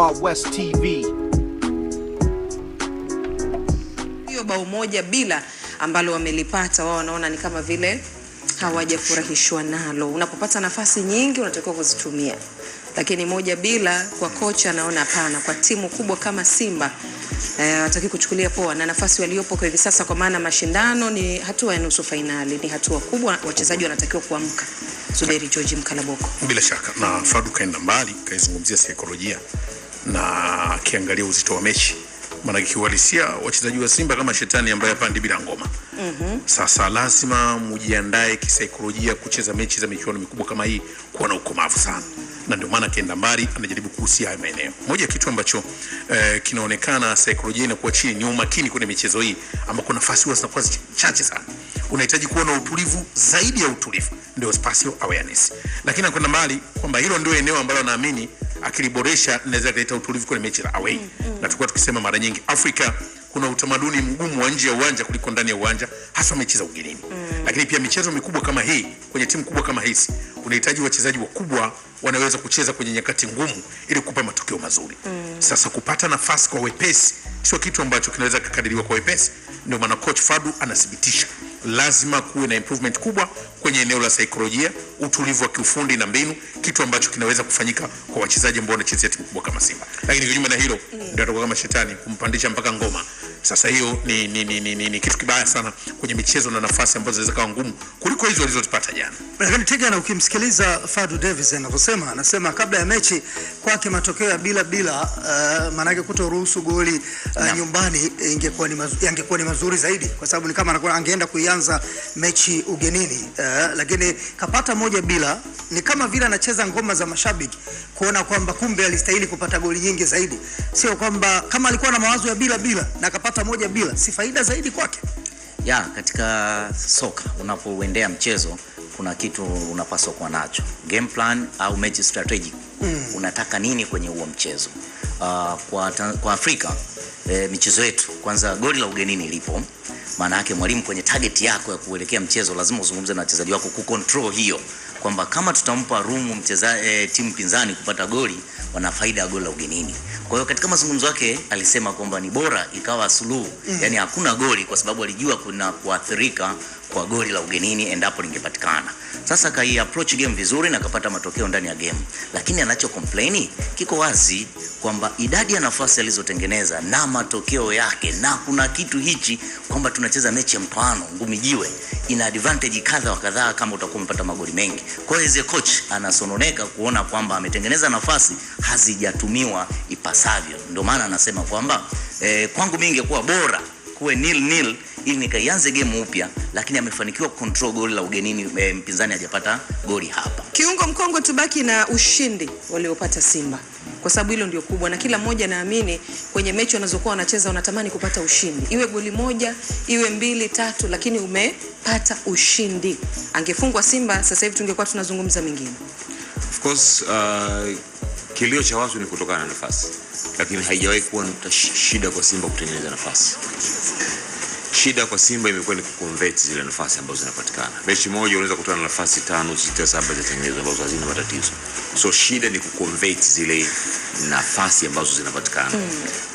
Wild West TV. Hiyo bao moja bila ambalo wamelipata wao wanaona ni kama vile hawajafurahishwa nalo. Unapopata nafasi nyingi unatakiwa kuzitumia, lakini moja bila, kwa kocha anaona hapana, kwa timu kubwa kama Simba wataki eh, kuchukulia poa na nafasi waliopo kwa hivi sasa, kwa maana mashindano ni hatua ya nusu fainali, ni hatua kubwa, wachezaji wanatakiwa kuamka. Zuberi George Mkalaboko, bila shaka na Fadu kaenda mbali, kaizungumzia saikolojia na akiangalia uzito wa mechi, maana kiuhalisia wachezaji wa Simba kama shetani ambaye hapandi bila ngoma. mm -hmm. Sasa lazima mjiandae kisaikolojia kucheza mechi za michuano mikubwa kama hii, kuwa na ukomavu sana na ndio maana akienda mbali, anajaribu kuhusia haya maeneo. Moja kitu ambacho eh, kinaonekana saikolojia inakuwa chini ni umakini kwenye michezo hii, ambako nafasi huwa zinakuwa chache sana. Unahitaji kuwa na utulivu zaidi ya utulivu, ndio awareness. Lakini anakwenda mbali kwamba hilo ndio eneo ambalo anaamini akiliboresha inaweza kuleta utulivu kwenye mechi la away. Mm, mm. Na tukua tukisema mara nyingi Afrika kuna utamaduni mgumu wa nje ya uwanja kuliko ndani ya uwanja hasa mechi za ugenini. Mm. Lakini pia michezo mikubwa kama hii kwenye timu kubwa kama hizi unahitaji wachezaji wakubwa wanaweza kucheza kwenye nyakati ngumu ili kupa matokeo mazuri. Mm. Sasa kupata nafasi kwa wepesi sio kitu ambacho kinaweza kukadiriwa kwa wepesi, ndio maana coach Fadu anathibitisha lazima kuwe na improvement kubwa kwenye eneo la saikolojia, utulivu wa kiufundi na mbinu, kitu ambacho kinaweza kufanyika kwa wachezaji ambao wanachezea timu kubwa kama Simba. Lakini kinyume na hilo, ndio atakuwa kama shetani kumpandisha mpaka ngoma. Sasa hiyo ni, ni, ni, ni, ni, ni kitu kibaya sana kwenye michezo na nafasi ambazo zinaweza kuwa ngumu kuliko hizo alizozipata jana. Lakini na ukimsikiliza Fadu Davis anavyosema, anasema kabla ya mechi kwake matokeo ya bila bila, uh, eh, maana yake kutoruhusu goli uh, nyumbani ingekuwa ni mazuri, yangekuwa ni mazuri zaidi, kwa sababu ni kama anakuwa angeenda kuianza mechi ugenini uh, lakini kapata moja bila, ni kama vile anacheza ngoma za mashabiki kuona kwamba kumbe alistahili kupata goli nyingi zaidi, sio kwamba kama alikuwa na mawazo ya bila bila na kapata kupata moja bila, si faida zaidi kwake? Ya, katika soka unapoendea mchezo kuna kitu unapaswa kuwa nacho, game plan au match strategy mm. Unataka nini kwenye huo mchezo? Uh, kwa, kwa Afrika e, michezo yetu kwanza goli la ugenini lipo, maana yake mwalimu, kwenye target yako ya kuelekea mchezo lazima uzungumze na wachezaji wako ku control hiyo, kwamba kama tutampa room mcheza e, timu pinzani kupata goli wana faida ya goli la ugenini. Kwa hiyo katika mazungumzo yake alisema kwamba ni bora ikawa suluhu mm. yani hakuna goli, kwa sababu alijua kuna kuathirika kwa goli la ugenini endapo lingepatikana. Sasa kai approach game vizuri na kapata matokeo ndani ya game, lakini anacho complain kiko wazi kwamba idadi ya nafasi alizotengeneza na matokeo yake, na kuna kitu hichi kwamba tunacheza mechi ya mtoano ngumi jiwe, ina advantage kadha wa kadhaa kama utakuwa umepata magoli mengi. Kwa hiyo ze coach anasononeka kuona kwamba ametengeneza nafasi hazijatumiwa ipasavyo, ndio maana anasema kwamba eh, kwangu mimi ingekuwa bora kuwe nil nil ili nikaianze game upya, lakini amefanikiwa control goli la ugenini e, mpinzani hajapata goli hapa. Kiungo mkongwe, tubaki na ushindi waliopata Simba kwa sababu hilo ndio kubwa, na kila mmoja naamini kwenye mechi wanazokuwa wanacheza wanatamani kupata ushindi, iwe goli moja iwe mbili tatu, lakini umepata ushindi. Angefungwa Simba sasa hivi tungekuwa tunazungumza mengine. Of course, uh, kilio cha watu ni kutokana na nafasi, lakini haijawahi kuwa shida kwa Simba kutengeneza nafasi. Shida kwa Simba imekuwa ni kuconvert zile nafasi ambazo zinapatikana. Mechi moja unaweza kutana na nafasi tano, sita, saba zitengenezwa ambazo hazina matatizo. So shida ni kuconvert zile nafasi ambazo zinapatikana mm.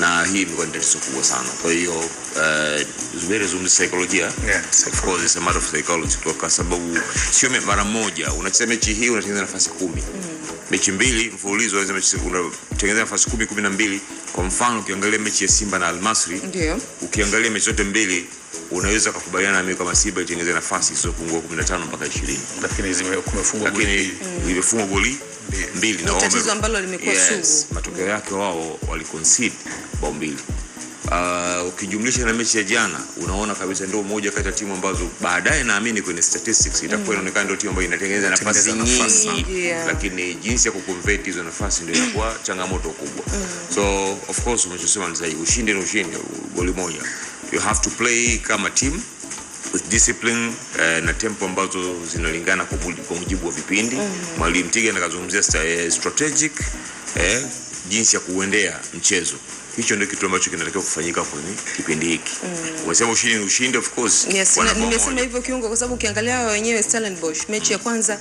na hii imekuwa ni tatizo kubwa sana. Kwa hiyo uh, Zuberi saikolojia, eh? yeah, of course it's a matter of psychology, kwa sababu sio mara moja unacheza mechi hii unatengeneza nafasi kumi mm. mechi mbili mfululizo unatengeneza nafasi kumi kumi na mbili. Kwa mfano ukiangalia mechi ya Simba na Almasri, ndio ukiangalia mechi zote mbili unaweza kukubaliana nami kama Simba itengeneze nafasi sio isiyopungua 15 mpaka 20, lakini zimefungwa goli mm. imefungwa goli mbili na wao tatizo ambalo limekuwa yes, sugu. Matokeo yake wao waliconcede bao mbili. Uh, ukijumlisha na mechi ya jana unaona kabisa ndio moja kati ya timu ambazo baadaye naamini kwenye statistics itakuwa mm. inaonekana ndio timu ambayo inatengeneza nafasi nyingi, yeah. Lakini jinsi ya kuconvert hizo nafasi ndio inakuwa changamoto kubwa. mm. So of course, umechosema ni ushindi na ushindi, goli moja you have to play kama team with discipline uh, na tempo ambazo zinalingana kwa mujibu wa vipindi. Mhm. Mwalimu mm -hmm. Tiga anakazungumzia eh, strategic eh, jinsi ya kuendea mchezo hicho ndio kitu ambacho kinatakiwa kufanyika kwenye kipindi hiki. Mm. Unasema ushindi ni ushindi, of course. Yes, nimesema hivyo kiungo, kwa sababu ukiangalia wenyewe Stellenbosch mechi ya kwanza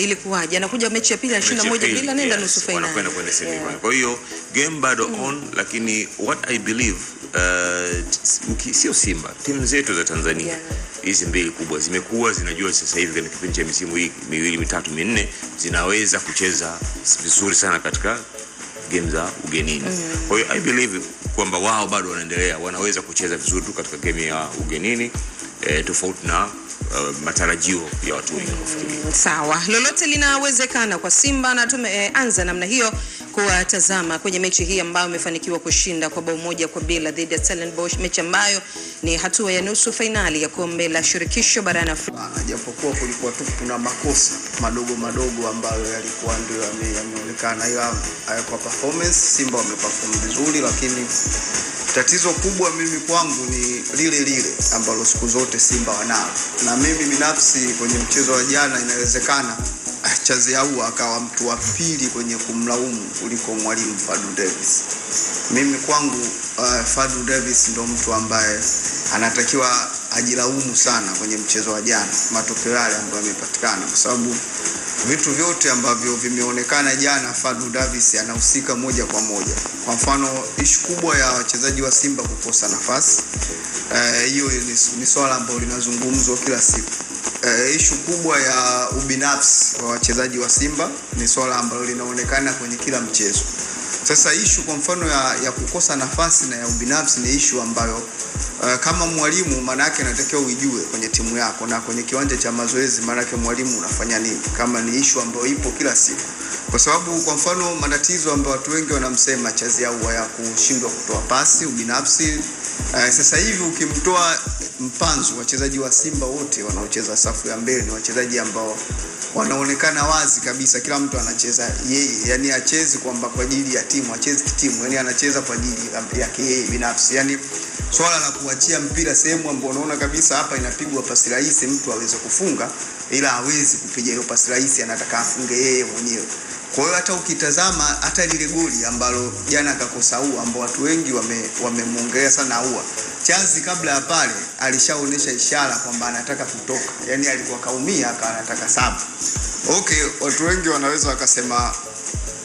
ilikuwaje, anakuja mechi ya pili anashinda moja bila, nenda nusu fainali, wanakwenda kwenye semi Kwa hiyo game bado mm. on, lakini what I believe Uh, sio Simba, timu zetu za Tanzania hizi yeah, mbili kubwa zimekuwa zinajua sasa hivi kwenye kipindi cha misimu hii miwili mitatu minne zinaweza kucheza vizuri sana katika game za ugenini. Mm. Kwa hiyo I believe kwamba wao bado wanaendelea, wanaweza kucheza vizuri tu katika game ya ugenini eh, tofauti na Uh, matarajio ya watu wengi mm, sawa, lolote linawezekana kwa Simba na tumeanza eh, namna hiyo tulikuwa tazama kwenye mechi hii ambayo imefanikiwa kushinda kwa bao moja kwa bila dhidi ya Stellenbosch, mechi ambayo ni hatua ya nusu fainali ya kombe la shirikisho barani Afrika. Japokuwa kulikuwa tu kuna makosa madogo madogo ambayo yalikuwa ndio yameonekana, ila kwa performance Simba wameperform vizuri, lakini tatizo kubwa mimi kwangu ni lile lile ambalo siku zote Simba wanalo, na mimi binafsi kwenye mchezo wa jana inawezekana Chaziaua akawa mtu wa pili kwenye kumlaumu kuliko mwalimu Fadu Davis. Mimi kwangu uh, Fadu Davis ndo mtu ambaye anatakiwa ajilaumu sana kwenye mchezo wa jana, matokeo yale ambayo yamepatikana, kwa sababu vitu vyote ambavyo vimeonekana jana Fadu Davis anahusika moja kwa moja. Kwa mfano, ishu kubwa ya wachezaji wa Simba kukosa nafasi uh, hiyo, uh, ni swala ambalo linazungumzwa kila siku E, ishu kubwa ya ubinafsi wa wachezaji wa Simba ni swala ambalo linaonekana kwenye kila mchezo. Sasa ishu kwa mfano ya, ya kukosa nafasi na ya ubinafsi ni ishu ambayo uh, kama mwalimu maanake anatakiwa uijue kwenye timu yako na kwenye kiwanja cha mazoezi, maanake mwalimu unafanya nini, kama ni ishu ambayo ipo kila siku, kwa sababu kwa mfano matatizo ambayo watu wengi wanamsema Chazi au ya kushindwa kutoa pasi, ubinafsi. Uh, sasa hivi ukimtoa mpanzu, wachezaji wa Simba wote wanaocheza safu ya mbele ni wachezaji ambao wanaonekana wazi kabisa, kila mtu anacheza yeye, yani achezi kwamba kwa ajili ya timu, achezi timu, yani anacheza kwa ajili yake yeye binafsi, yani swala la kuachia mpira sehemu ambayo unaona kabisa hapa inapigwa pasi rahisi, mtu aweze kufunga, ila hawezi kupiga hiyo pasi rahisi, anataka afunge yeye mwenyewe. Kwa hiyo hata ukitazama hata lile goli ambalo jana akakosa Ahoua, ambao watu wengi wamemwongelea wame sana Ahoua Chazi kabla ya pale alishaonyesha ishara kwamba anataka kutoka, yaani alikuwa kaumia akawa anataka saba. Okay, watu wengi wanaweza wakasema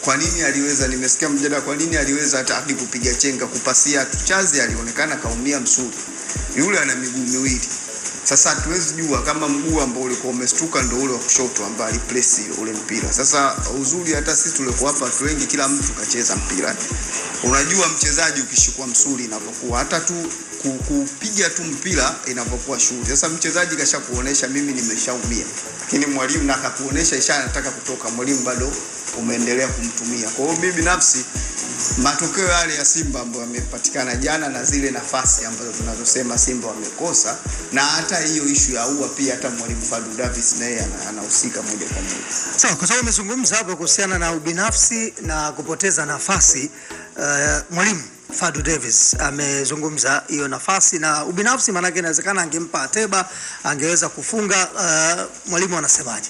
kwa nini aliweza, nimesikia mjadala, kwa nini aliweza hata hadi kupiga chenga kupasia tu. Chazi alionekana kaumia msuri, yule ana miguu miwili sasa hatuwezi jua kama mguu ambao ulikuwa umestuka ndio ule wa kushoto ambao aliplace ule mpira. Sasa uzuri hata sisi tulikuwa hapa watu wengi, kila mtu kacheza mpira. Unajua mchezaji ukishikwa msuli inapokuwa hata tu kupiga tu mpira inapokuwa shughuli. Sasa mchezaji kasha kuonesha mimi nimeshaumia, lakini mwalimu na akakuonesha isha anataka kutoka, mwalimu bado umeendelea kumtumia. Kwa hiyo mimi binafsi matokeo yale ya Simba ambayo yamepatikana jana na zile nafasi ambazo tunazosema Simba wamekosa, na hata hiyo ishu ya ua pia hata mwalimu Fadlu Davis naye anahusika moja kwa moja. Sawa, kwa sababu umezungumza hapo kuhusiana na ubinafsi na kupoteza nafasi. Uh, mwalimu Fadlu Davis amezungumza hiyo nafasi na ubinafsi, maanake inawezekana angempa Ateba angeweza kufunga. Uh, mwalimu anasemaje?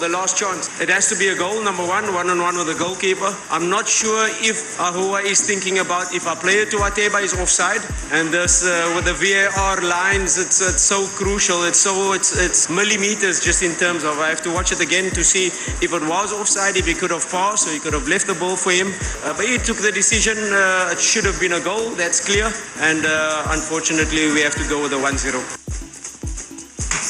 the last chance. It has to be a goal, number one, one on one with the goalkeeper. I'm not sure if Ahua is thinking about if a player it to Ateba is offside. And this, uh, with the VAR lines, it's, it's so crucial. It's so it's, it's millimeters just in terms of I have to watch it again to see if it was offside, if he could have passed or he could have left the ball for him. Uh, but he took the decision. Uh, it should have been a goal. That's clear. And uh, unfortunately, we have to go with the 1-0.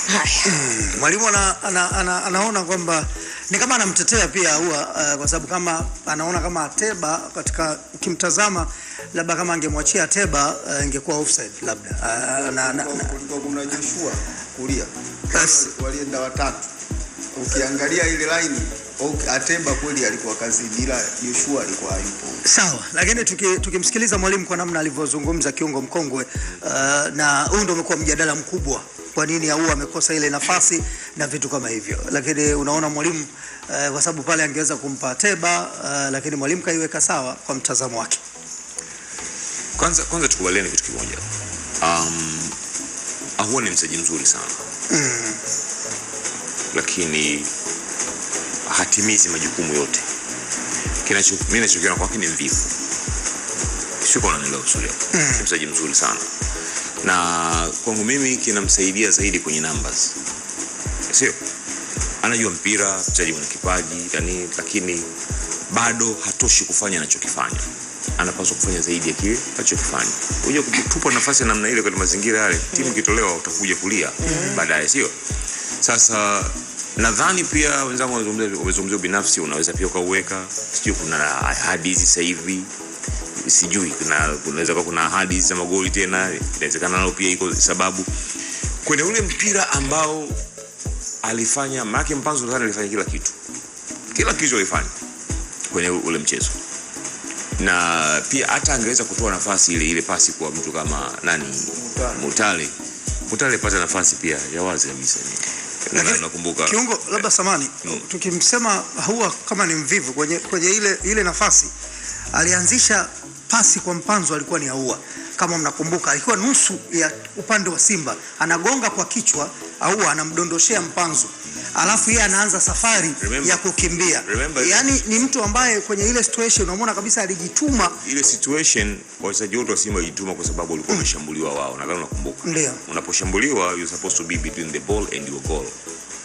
Mm, mwalimu ana, ana, ana, anaona kwamba ni kama anamtetea pia huwa uh, eh, kwa sababu kama anaona kama Ateba katika ukimtazama labda kama angemwachia Ateba uh, ingekuwa offside labda uh, na, na, kuna Joshua kulia walienda watatu ukiangalia ile line Okay, Atemba kweli alikuwa kazini ila Joshua alikuwa hayupo. Sawa, lakini tukimsikiliza tuki mwalimu kwa namna alivyozungumza kiungo mkongwe uh, na huu ndio umekuwa mjadala mkubwa kwa nini au amekosa ile nafasi na vitu kama hivyo, lakini unaona mwalimu uh, kwa sababu pale angeweza kumpa Ateba uh, lakini mwalimu kaiweka sawa kwa mtazamo wake. Kwanza kwanza tukubaliane kitu kimoja. Um, Ahoua ni mchezaji mzuri sana mm. Lakini hatimizi majukumu yote. Mimi nachokiona kwake ni mvivu, sio kwa nani leo mm. mchezaji mzuri sana na kwangu mimi kinamsaidia zaidi kwenye numbers, sio anajua mpira, mchezaji mwenye kipaji yani, lakini bado hatoshi kufanya anachokifanya. Anapaswa kufanya zaidi ya kile anachokifanya. Unajua, kutupa nafasi namna ile kwa mazingira yale, timu kitolewa utakuja kulia mm. baadaye, sio sasa Nadhani pia wenzangu wamezungumzia ubinafsi, unaweza pia ukauweka, sijui kuna ahadi hizi sasa hivi sijui kuna kunaweza kuwa kuna ahadi za magoli tena, inawezekana nao pia iko sababu kwenye ule mpira ambao alifanya Maki mpanzo Nadhani alifanya kila kitu, kila kitu alifanya kwenye ule mchezo, na pia hata angeweza kutoa nafasi ile ile pasi kwa mtu kama nani, Mutale. Mutale pata nafasi pia ya wazi kabisa nakumbuka kiungo labda samani mm. tukimsema huwa kama ni mvivu kwenye, kwenye ile, ile nafasi alianzisha pasi kwa mpanzo alikuwa ni aua kama mnakumbuka, alikuwa nusu ya upande wa Simba, anagonga kwa kichwa aua anamdondoshea mpanzo alafu yeye anaanza safari remember, ya kukimbia remember, yani ni mtu ambaye kwenye ile situation unaona kabisa alijituma. Ile situation wachezaji wote wa Simba walijituma kwa sababu walikuwa mm. wameshambuliwa mm. wao, nadhani unakumbuka, ndio unaposhambuliwa you supposed to be between the ball and your goal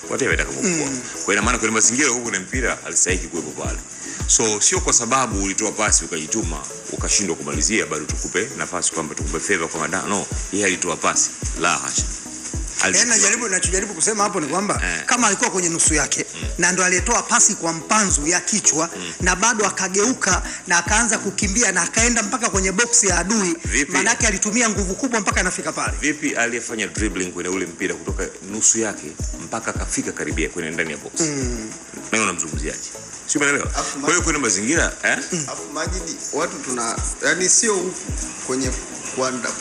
whatever itakapokuwa mm. kwa ina maana kwenye mazingira huko na mpira alistahili kuwepo pale so sio kwa sababu ulitoa pasi ukajituma ukashindwa kumalizia bado tukupe nafasi kwamba tukupe favor kwa madano yeye alitoa pasi la hasha Najaribu nachojaribu kusema hapo ni kwamba eh, kama alikuwa kwenye nusu yake mm, na ndo aliyetoa pasi kwa mpanzu ya kichwa mm, na bado akageuka na akaanza kukimbia na akaenda mpaka kwenye box ya adui, maanake alitumia nguvu kubwa mpaka anafika pale. Vipi aliyefanya dribbling kwenye ule mpira kutoka nusu yake mpaka akafika karibia kwenye ndani ya box mm, na unamzungumziaje? Sio, umeelewa? Kwa hiyo kwenye mazingira eh, afu Majidi, watu tuna yani sio kwenye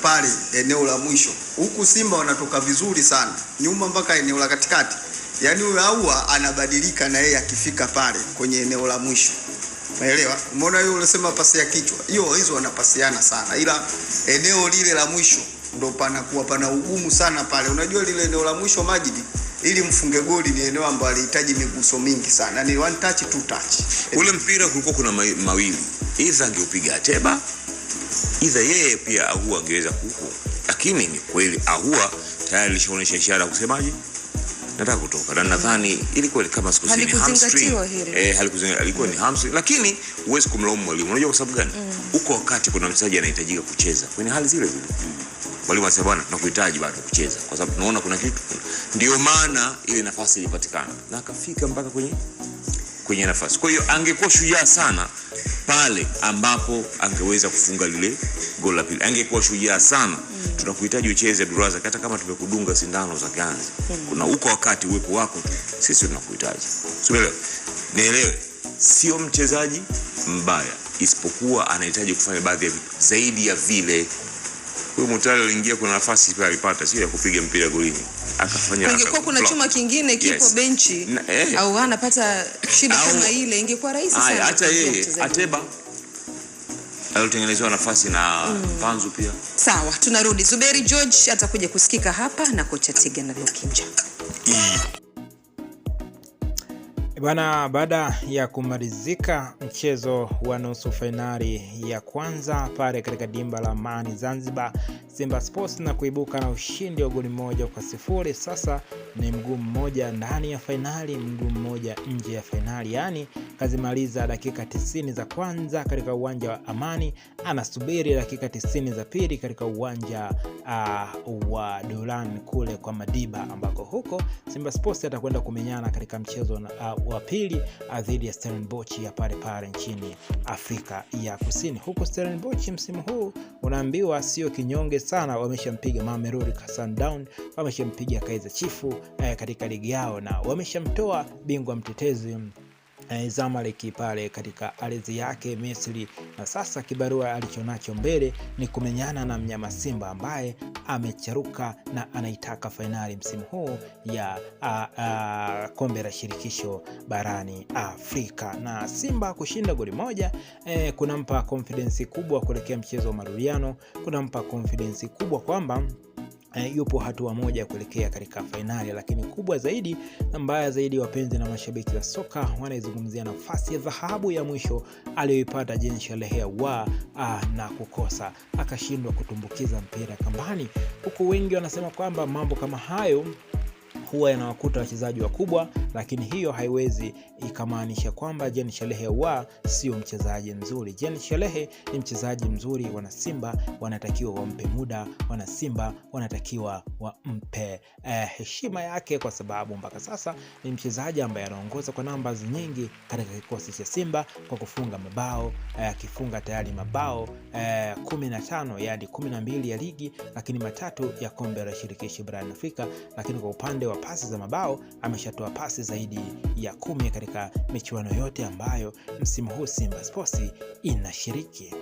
pale eneo la mwisho. Huku Simba wanatoka vizuri sana nyuma mpaka eneo la katikati, yaani huyo aua anabadilika na yeye akifika pale kwenye eneo la mwisho. Umeelewa? Umeona hiyo unasema pasi ya kichwa hiyo, hizo wanapasiana sana, ila eneo lile la mwisho ndo pana kuwa pana ugumu sana pale. Unajua lile eneo la mwisho Majidi, ili mfunge goli ni eneo ambalo alihitaji miguso mingi sana, ni one touch two touch. Ule mpira kulikuwa kuna mawili, iza angeupiga Ateba iza yeye pia Ahua angeweza kuku, lakini ni kweli Ahua tayari alishaonyesha ishara kusemaje, nataka kutoka, na nadhani ilikuwa kama siku zini hamstring eh, halikuzingatia ilikuwa ni hamstring, lakini huwezi kumlaumu mwalimu. Unajua kwa sababu gani? huko mm. wakati kuna mchezaji anahitajika kucheza kwenye hali zile zile mwalimu anasema bwana, tunakuhitaji bado kucheza, kwa sababu tunaona kuna kitu, ndio maana ile nafasi ilipatikana na akafika mpaka kwenye kwenye nafasi. Kwa hiyo angekuwa shujaa sana pale ambapo angeweza kufunga lile goli la pili, angekuwa shujaa sana mm. Tunakuhitaji ucheze Abdulrazak, hata kama tumekudunga sindano za ganzi mm. Kuna uko wakati uwepo wako tu, sisi tunakuhitaji. Sielewe nielewe, sio mchezaji mbaya, isipokuwa anahitaji kufanya baadhi ya vitu zaidi ya vile huyo Mutale aliingia, kuna nafasi pia alipata, sio ya kupiga mpira golini, akafanya. Ingekuwa kuna chuma kingine kipo yes, benchi eh, au anapata shida kama ile, ingekuwa rahisi sana. Hata yeye Ateba alitengenezewa nafasi na mm, Panzu pia. Sawa, tunarudi. Zuberi George atakuja kusikika hapa na kocha Tigana Lukinja. Mm bana baada ya kumalizika mchezo wa nusu fainali ya kwanza pale katika dimba la Amani Zanzibar, Simba Sports na kuibuka na ushindi wa goli moja kwa sifuri. Sasa ni mguu mmoja ndani ya fainali, mguu mmoja nje ya fainali, yaani kazimaliza dakika 90 za kwanza katika uwanja wa Amani, anasubiri dakika 90 za pili katika uwanja uh, wa Duran kule kwa Madiba, ambako huko Simba Sports atakwenda kumenyana katika mchezo uh, wa pili uh, dhidi ya Stellenbosch ya pale pale nchini Afrika ya Kusini. Huko Stellenbosch msimu huu unaambiwa sio kinyonge sana, wameshampiga Mamelodi Sundowns, wameshampiga Kaizer Chiefs eh, katika ligi yao na wameshamtoa bingwa mtetezi e, Zamalek pale katika ardhi yake Misri, na sasa kibarua alichonacho mbele ni kumenyana na mnyama Simba ambaye amecharuka na anaitaka fainali msimu huu ya a, a, kombe la shirikisho barani Afrika, na Simba kushinda goli moja e, kunampa confidence kubwa kuelekea mchezo wa marudiano, kunampa confidence kubwa kwamba Eh, yupo hatua moja kuelekea katika fainali, lakini kubwa zaidi na mbaya zaidi, wapenzi na mashabiki wa soka wanaizungumzia nafasi ya dhahabu ya mwisho aliyoipata Jean Charles wa ah, na kukosa akashindwa kutumbukiza mpira kambani, huku wengi wanasema kwamba mambo kama hayo huwa yanawakuta wachezaji wakubwa, lakini hiyo haiwezi ikamaanisha kwamba Jean Shalehe wa sio mchezaji mzuri. Jean Shalehe ni mchezaji mzuri, wanasimba wanatakiwa wampe muda, wanasimba wanatakiwa wampe eh, heshima yake, kwa sababu mpaka sasa ni mchezaji ambaye anaongoza kwa namba nyingi katika kikosi cha Simba kwa kufunga mabao eh, akifunga eh, tayari mabao eh, 15 na 12 yaani ya ligi, lakini matatu ya kombe la shirikisho barani Afrika, lakini kwa upande wa pasi za mabao, ameshatoa pasi zaidi ya kumi katika michuano yote ambayo msimu huu Simba Sports inashiriki.